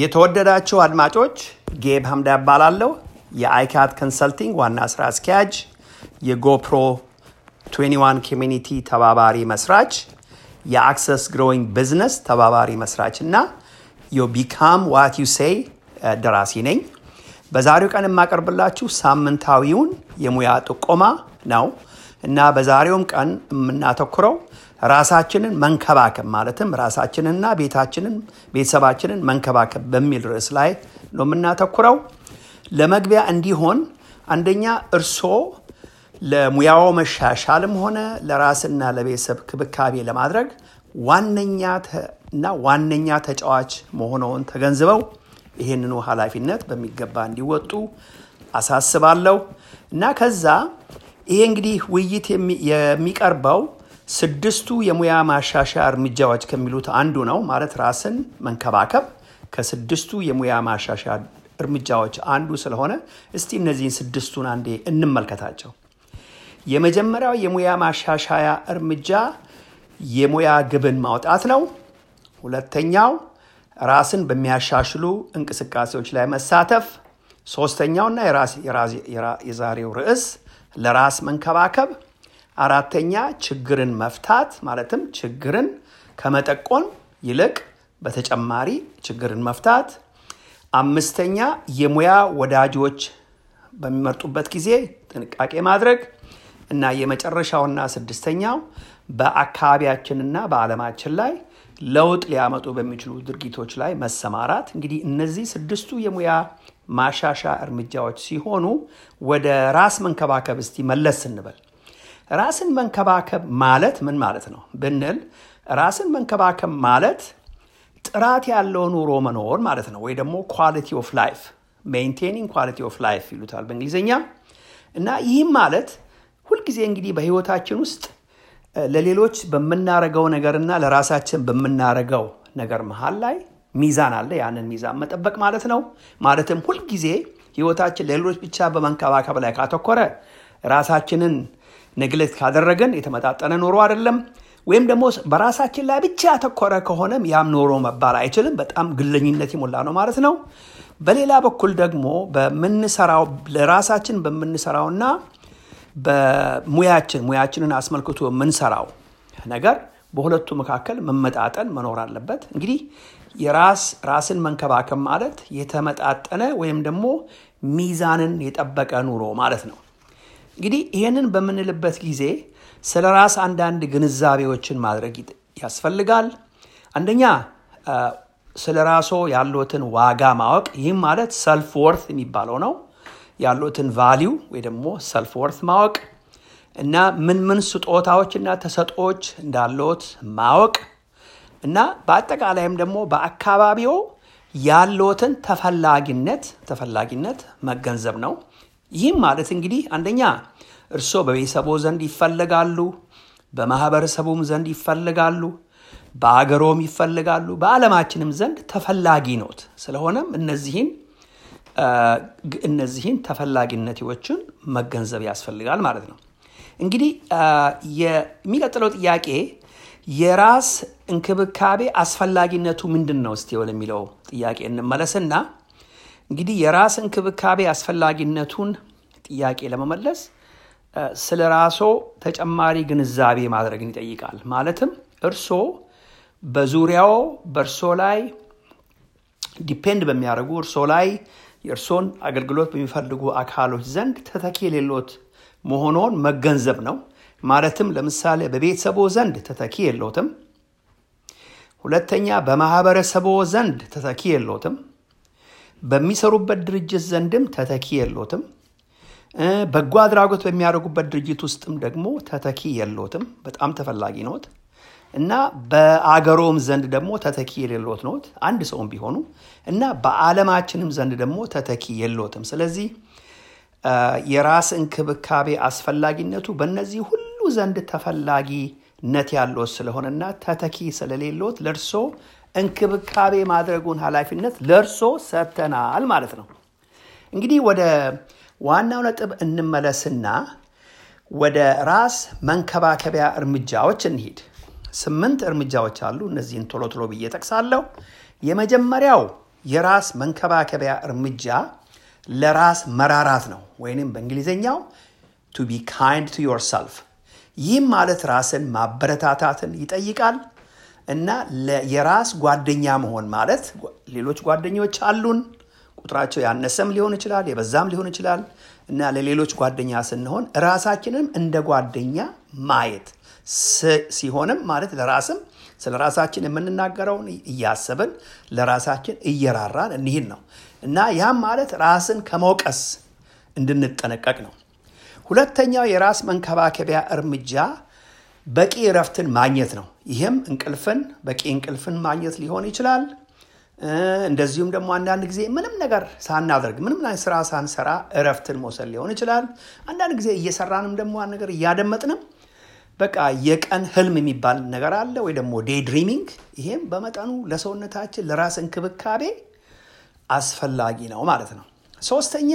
የተወደዳችሁ አድማጮች ጌብ ሀምዳ እባላለሁ የአይካት ኮንሰልቲንግ ዋና ስራ አስኪያጅ የጎፕሮ 21 ኮሚኒቲ ተባባሪ መስራች የአክሰስ ግሮዊንግ ቢዝነስ ተባባሪ መስራች እና የቢካም ዋት ዩ ሴይ ደራሲ ነኝ በዛሬው ቀን የማቀርብላችሁ ሳምንታዊውን የሙያ ጥቆማ ነው እና በዛሬውም ቀን የምናተኩረው ራሳችንን መንከባከብ ማለትም ራሳችንና ቤታችንን ቤተሰባችንን መንከባከብ በሚል ርዕስ ላይ ነው የምናተኩረው። ለመግቢያ እንዲሆን አንደኛ እርሶ ለሙያው መሻሻልም ሆነ ለራስና ለቤተሰብ ክብካቤ ለማድረግ ዋነኛና ዋነኛ ተጫዋች መሆነውን ተገንዝበው ይህንኑ ኃላፊነት በሚገባ እንዲወጡ አሳስባለሁ እና ከዛ ይሄ እንግዲህ ውይይት የሚቀርበው ስድስቱ የሙያ ማሻሻያ እርምጃዎች ከሚሉት አንዱ ነው። ማለት ራስን መንከባከብ ከስድስቱ የሙያ ማሻሻያ እርምጃዎች አንዱ ስለሆነ እስቲ እነዚህን ስድስቱን አንዴ እንመልከታቸው። የመጀመሪያው የሙያ ማሻሻያ እርምጃ የሙያ ግብን ማውጣት ነው። ሁለተኛው ራስን በሚያሻሽሉ እንቅስቃሴዎች ላይ መሳተፍ። ሶስተኛውና የዛሬው ርዕስ ለራስ መንከባከብ አራተኛ ችግርን መፍታት ማለትም ችግርን ከመጠቆን ይልቅ በተጨማሪ ችግርን መፍታት። አምስተኛ የሙያ ወዳጆች በሚመርጡበት ጊዜ ጥንቃቄ ማድረግ እና የመጨረሻውና ስድስተኛው በአካባቢያችንና በዓለማችን ላይ ለውጥ ሊያመጡ በሚችሉ ድርጊቶች ላይ መሰማራት። እንግዲህ እነዚህ ስድስቱ የሙያ ማሻሻ እርምጃዎች ሲሆኑ ወደ ራስ መንከባከብ እስቲ መለስ እንበል። ራስን መንከባከብ ማለት ምን ማለት ነው ብንል ራስን መንከባከብ ማለት ጥራት ያለው ኑሮ መኖር ማለት ነው ወይ ደግሞ ኳሊቲ ኦፍ ላይፍ ሜንቴኒንግ ኳሊቲ ኦፍ ላይፍ ይሉታል በእንግሊዝኛ እና ይህም ማለት ሁልጊዜ እንግዲህ በህይወታችን ውስጥ ለሌሎች በምናረገው ነገርና ለራሳችን በምናረገው ነገር መሀል ላይ ሚዛን አለ ያንን ሚዛን መጠበቅ ማለት ነው ማለትም ሁልጊዜ ህይወታችን ለሌሎች ብቻ በመንከባከብ ላይ ካተኮረ ራሳችንን ነግለት ካደረገን የተመጣጠነ ኑሮ አይደለም ወይም ደግሞ በራሳችን ላይ ብቻ ያተኮረ ከሆነም ያም ኑሮ መባል አይችልም። በጣም ግለኝነት የሞላ ነው ማለት ነው። በሌላ በኩል ደግሞ በምንሰራው ለራሳችን በምንሰራውና በሙያችን ሙያችንን አስመልክቶ የምንሰራው ነገር በሁለቱ መካከል መመጣጠን መኖር አለበት። እንግዲህ የራስ ራስን መንከባከብ ማለት የተመጣጠነ ወይም ደግሞ ሚዛንን የጠበቀ ኑሮ ማለት ነው። እንግዲህ ይህንን በምንልበት ጊዜ ስለ ራስ አንዳንድ ግንዛቤዎችን ማድረግ ያስፈልጋል። አንደኛ ስለ ራሶ ያሎትን ዋጋ ማወቅ፣ ይህም ማለት ሰልፍ ወርት የሚባለው ነው። ያሎትን ቫሊው ወይ ደግሞ ሰልፍ ወርት ማወቅ እና ምን ምን እና ተሰጦዎች እንዳለት ማወቅ እና በአጠቃላይም ደግሞ በአካባቢው ያለዎትን ተፈላጊነት ተፈላጊነት መገንዘብ ነው። ይህም ማለት እንግዲህ አንደኛ እርስዎ በቤተሰቦ ዘንድ ይፈለጋሉ፣ በማህበረሰቡም ዘንድ ይፈልጋሉ በአገሮም ይፈልጋሉ በዓለማችንም ዘንድ ተፈላጊ ኖት። ስለሆነም እነዚህን እነዚህን ተፈላጊነቶችን መገንዘብ ያስፈልጋል ማለት ነው። እንግዲህ የሚቀጥለው ጥያቄ የራስ እንክብካቤ አስፈላጊነቱ ምንድን ነው ስቲሆን የሚለው ጥያቄ እንመለስና እንግዲህ የራስ እንክብካቤ አስፈላጊነቱን ጥያቄ ለመመለስ ስለ ራሶ ተጨማሪ ግንዛቤ ማድረግን ይጠይቃል። ማለትም እርሶ በዙሪያው በእርሶ ላይ ዲፔንድ በሚያደርጉ እርሶ ላይ የእርሶን አገልግሎት በሚፈልጉ አካሎች ዘንድ ተተኪ የሌሎት መሆኖን መገንዘብ ነው። ማለትም ለምሳሌ በቤተሰቦ ዘንድ ተተኪ የለውትም። ሁለተኛ በማህበረሰቦ ዘንድ ተተኪ የለውትም። በሚሰሩበት ድርጅት ዘንድም ተተኪ የሎትም። በጎ አድራጎት በሚያደርጉበት ድርጅት ውስጥም ደግሞ ተተኪ የሎትም። በጣም ተፈላጊ ኖት እና በአገሮም ዘንድ ደግሞ ተተኪ የሌሎት ኖት አንድ ሰውም ቢሆኑ እና በዓለማችንም ዘንድ ደግሞ ተተኪ የሎትም። ስለዚህ የራስ እንክብካቤ አስፈላጊነቱ በእነዚህ ሁሉ ዘንድ ተፈላጊነት ያለው ስለሆነና ተተኪ ስለሌሎት ለእርሶ እንክብካቤ ማድረጉን ኃላፊነት ለእርሶ ሰጥተናል ማለት ነው። እንግዲህ ወደ ዋናው ነጥብ እንመለስና ወደ ራስ መንከባከቢያ እርምጃዎች እንሂድ። ስምንት እርምጃዎች አሉ። እነዚህን ቶሎ ቶሎ ብዬ ጠቅሳለሁ። የመጀመሪያው የራስ መንከባከቢያ እርምጃ ለራስ መራራት ነው፣ ወይንም በእንግሊዝኛው ቱ ቢ ካይንድ ቱ ዮርሰልፍ። ይህም ማለት ራስን ማበረታታትን ይጠይቃል። እና የራስ ጓደኛ መሆን ማለት ሌሎች ጓደኞች አሉን፣ ቁጥራቸው ያነሰም ሊሆን ይችላል፣ የበዛም ሊሆን ይችላል። እና ለሌሎች ጓደኛ ስንሆን ራሳችንም እንደ ጓደኛ ማየት ሲሆንም ማለት ለራስም ስለ ራሳችን የምንናገረውን እያሰብን ለራሳችን እየራራን እኒህን ነው እና ያም ማለት ራስን ከመውቀስ እንድንጠነቀቅ ነው። ሁለተኛው የራስ መንከባከቢያ እርምጃ በቂ እረፍትን ማግኘት ነው። ይህም እንቅልፍን በቂ እንቅልፍን ማግኘት ሊሆን ይችላል። እንደዚሁም ደግሞ አንዳንድ ጊዜ ምንም ነገር ሳናደርግ ምንም ስራ ሳንሰራ እረፍትን መውሰድ ሊሆን ይችላል። አንዳንድ ጊዜ እየሰራንም ደግሞ ነገር እያደመጥንም በቃ የቀን ህልም የሚባል ነገር አለ ወይ ደግሞ ዴይ ድሪሚንግ። ይሄም በመጠኑ ለሰውነታችን ለራስ እንክብካቤ አስፈላጊ ነው ማለት ነው። ሶስተኛ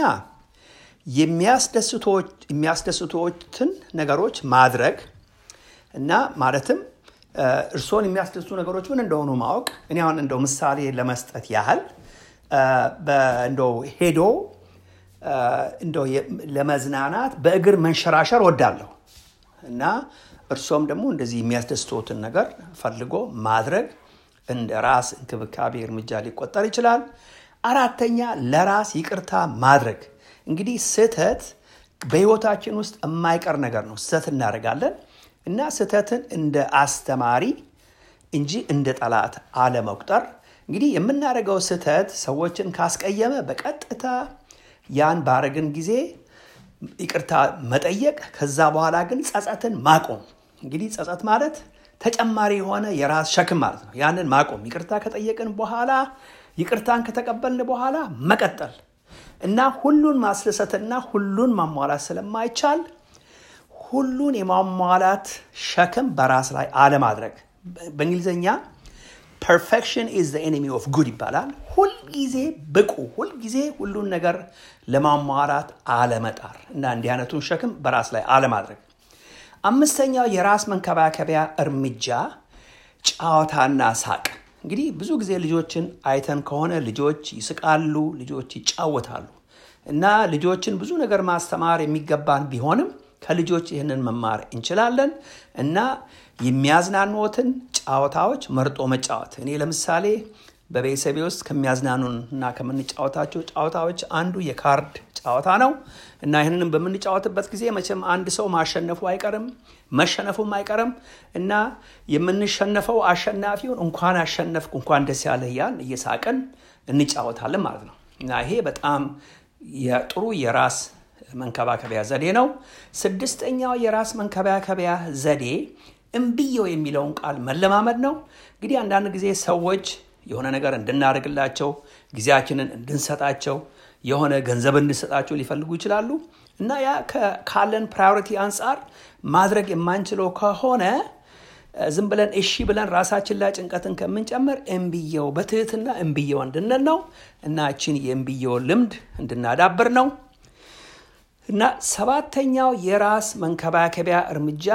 የሚያስደስቶትን ነገሮች ማድረግ እና ማለትም እርስዎን የሚያስደስቱ ነገሮች ምን እንደሆኑ ማወቅ እኔ አሁን እንደው ምሳሌ ለመስጠት ያህል እንደው ሄዶ እንደው ለመዝናናት በእግር መንሸራሸር ወዳለሁ እና እርሶም ደግሞ እንደዚህ የሚያስደስቶትን ነገር ፈልጎ ማድረግ እንደ ራስ እንክብካቤ እርምጃ ሊቆጠር ይችላል። አራተኛ ለራስ ይቅርታ ማድረግ። እንግዲህ ስህተት በህይወታችን ውስጥ የማይቀር ነገር ነው። ስህተት እናደርጋለን። እና ስህተትን እንደ አስተማሪ እንጂ እንደ ጠላት አለመቁጠር እንግዲህ የምናደርገው ስህተት ሰዎችን ካስቀየመ በቀጥታ ያን ባረግን ጊዜ ይቅርታ መጠየቅ፣ ከዛ በኋላ ግን ጸጸትን ማቆም። እንግዲህ ጸጸት ማለት ተጨማሪ የሆነ የራስ ሸክም ማለት ነው። ያንን ማቆም ይቅርታ ከጠየቅን በኋላ ይቅርታን ከተቀበልን በኋላ መቀጠል እና ሁሉን ማስደሰትና ሁሉን ማሟላት ስለማይቻል ሁሉን የማሟላት ሸክም በራስ ላይ አለማድረግ በእንግሊዝኛ ፐርፌክሽን ኢዝ ዘ ኤኒሚ ኦፍ ጉድ ይባላል። ሁልጊዜ ብቁ፣ ሁልጊዜ ሁሉን ነገር ለማሟላት አለመጣር እና እንዲህ አይነቱን ሸክም በራስ ላይ አለማድረግ። አምስተኛው የራስ መንከባከቢያ እርምጃ ጨዋታና ሳቅ። እንግዲህ ብዙ ጊዜ ልጆችን አይተን ከሆነ ልጆች ይስቃሉ፣ ልጆች ይጫወታሉ እና ልጆችን ብዙ ነገር ማስተማር የሚገባን ቢሆንም ከልጆች ይህንን መማር እንችላለን እና የሚያዝናኑትን ጨዋታዎች መርጦ መጫወት። እኔ ለምሳሌ በቤተሰቤ ውስጥ ከሚያዝናኑን እና ከምንጫወታቸው ጨዋታዎች አንዱ የካርድ ጨዋታ ነው እና ይህንንም በምንጫወትበት ጊዜ መቼም አንድ ሰው ማሸነፉ አይቀርም መሸነፉም አይቀርም እና የምንሸነፈው አሸናፊውን እንኳን አሸነፍኩ እንኳን ደስ ያለህ እያልን እየሳቀን እንጫወታለን ማለት ነው እና ይሄ በጣም ጥሩ የራስ መንከባከቢያ ዘዴ ነው። ስድስተኛው የራስ መንከባከቢያ ዘዴ እምብየው የሚለውን ቃል መለማመድ ነው። እንግዲህ አንዳንድ ጊዜ ሰዎች የሆነ ነገር እንድናደርግላቸው፣ ጊዜያችንን እንድንሰጣቸው፣ የሆነ ገንዘብ እንድንሰጣቸው ሊፈልጉ ይችላሉ እና ያ ካለን ፕራዮሪቲ አንጻር ማድረግ የማንችለው ከሆነ ዝም ብለን እሺ ብለን ራሳችን ላይ ጭንቀትን ከምንጨምር እምብየው በትህትና እምብየው እንድንል ነው እና እችን የእምብየው ልምድ እንድናዳብር ነው። እና ሰባተኛው የራስ መንከባከቢያ እርምጃ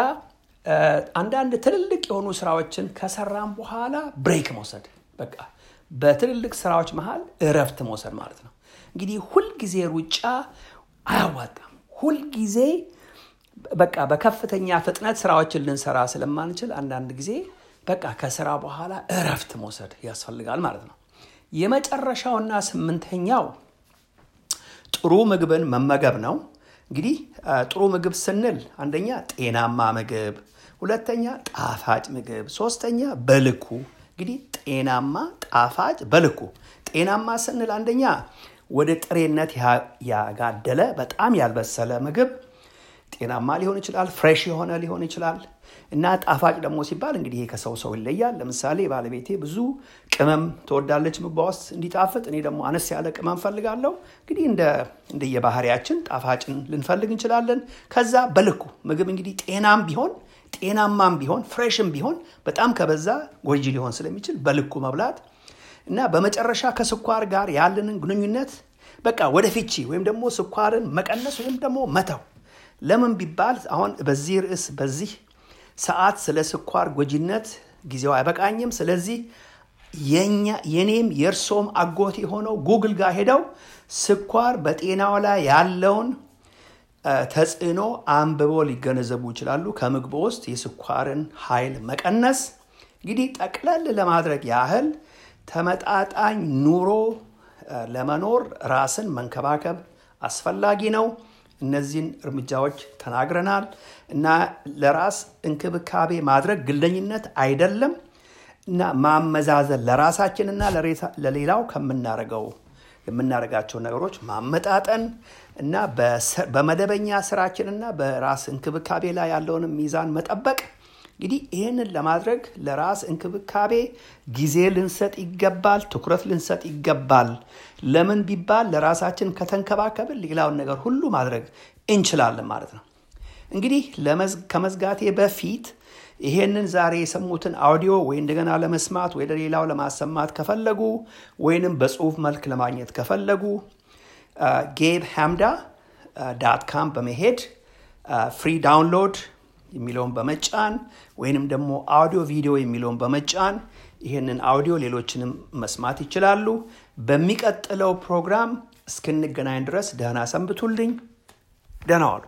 አንዳንድ ትልልቅ የሆኑ ስራዎችን ከሰራም በኋላ ብሬክ መውሰድ፣ በቃ በትልልቅ ስራዎች መሃል እረፍት መውሰድ ማለት ነው። እንግዲህ ሁልጊዜ ሩጫ አያዋጣም። ሁልጊዜ በቃ በከፍተኛ ፍጥነት ስራዎችን ልንሰራ ስለማንችል አንዳንድ ጊዜ በቃ ከስራ በኋላ እረፍት መውሰድ ያስፈልጋል ማለት ነው። የመጨረሻውና ስምንተኛው ጥሩ ምግብን መመገብ ነው። እንግዲህ ጥሩ ምግብ ስንል አንደኛ ጤናማ ምግብ፣ ሁለተኛ ጣፋጭ ምግብ፣ ሶስተኛ በልኩ። እንግዲህ ጤናማ፣ ጣፋጭ፣ በልኩ። ጤናማ ስንል አንደኛ ወደ ጥሬነት ያጋደለ በጣም ያልበሰለ ምግብ ጤናማ ሊሆን ይችላል፣ ፍሬሽ የሆነ ሊሆን ይችላል እና ጣፋጭ ደግሞ ሲባል እንግዲህ ይሄ ከሰው ሰው ይለያል። ለምሳሌ ባለቤቴ ብዙ ቅመም ትወዳለች ምግቧ ውስጥ እንዲጣፍጥ፣ እኔ ደግሞ አነስ ያለ ቅመም ፈልጋለሁ። እንግዲህ እንደየባህሪያችን ጣፋጭን ልንፈልግ እንችላለን። ከዛ በልኩ ምግብ እንግዲህ ጤናም ቢሆን ጤናማም ቢሆን ፍሬሽም ቢሆን በጣም ከበዛ ጎጂ ሊሆን ስለሚችል በልኩ መብላት እና በመጨረሻ ከስኳር ጋር ያለንን ግንኙነት በቃ ወደፊቺ ወይም ደግሞ ስኳርን መቀነስ ወይም ደግሞ መተው ለምን ቢባል አሁን በዚህ ርዕስ በዚህ ሰዓት ስለ ስኳር ጎጂነት ጊዜው አይበቃኝም። ስለዚህ የኔም የእርሶም አጎት የሆነው ጉግል ጋር ሄደው ስኳር በጤናው ላይ ያለውን ተጽዕኖ አንብቦ ሊገነዘቡ ይችላሉ። ከምግብ ውስጥ የስኳርን ኃይል መቀነስ እንግዲህ ጠቅለል ለማድረግ ያህል ተመጣጣኝ ኑሮ ለመኖር ራስን መንከባከብ አስፈላጊ ነው። እነዚህን እርምጃዎች ተናግረናል እና ለራስ እንክብካቤ ማድረግ ግለኝነት አይደለም እና ማመዛዘን ለራሳችንና ለሌላው ከምናደርገው የምናደርጋቸው ነገሮች ማመጣጠን እና በመደበኛ ስራችንና በራስ እንክብካቤ ላይ ያለውንም ሚዛን መጠበቅ እንግዲህ ይህንን ለማድረግ ለራስ እንክብካቤ ጊዜ ልንሰጥ ይገባል፣ ትኩረት ልንሰጥ ይገባል። ለምን ቢባል ለራሳችን ከተንከባከብን ሌላውን ነገር ሁሉ ማድረግ እንችላለን ማለት ነው። እንግዲህ ከመዝጋቴ በፊት ይሄንን ዛሬ የሰሙትን አውዲዮ ወይ እንደገና ለመስማት ወይ ለሌላው ለማሰማት ከፈለጉ ወይንም በጽሁፍ መልክ ለማግኘት ከፈለጉ ጌብ ሃምዳ ዳት ካም በመሄድ ፍሪ ዳውንሎድ የሚለውን በመጫን ወይንም ደግሞ አውዲዮ ቪዲዮ የሚለውን በመጫን ይህንን አውዲዮ ሌሎችንም መስማት ይችላሉ። በሚቀጥለው ፕሮግራም እስክንገናኝ ድረስ ደህና ሰንብቱልኝ። ደህና ዋሉ።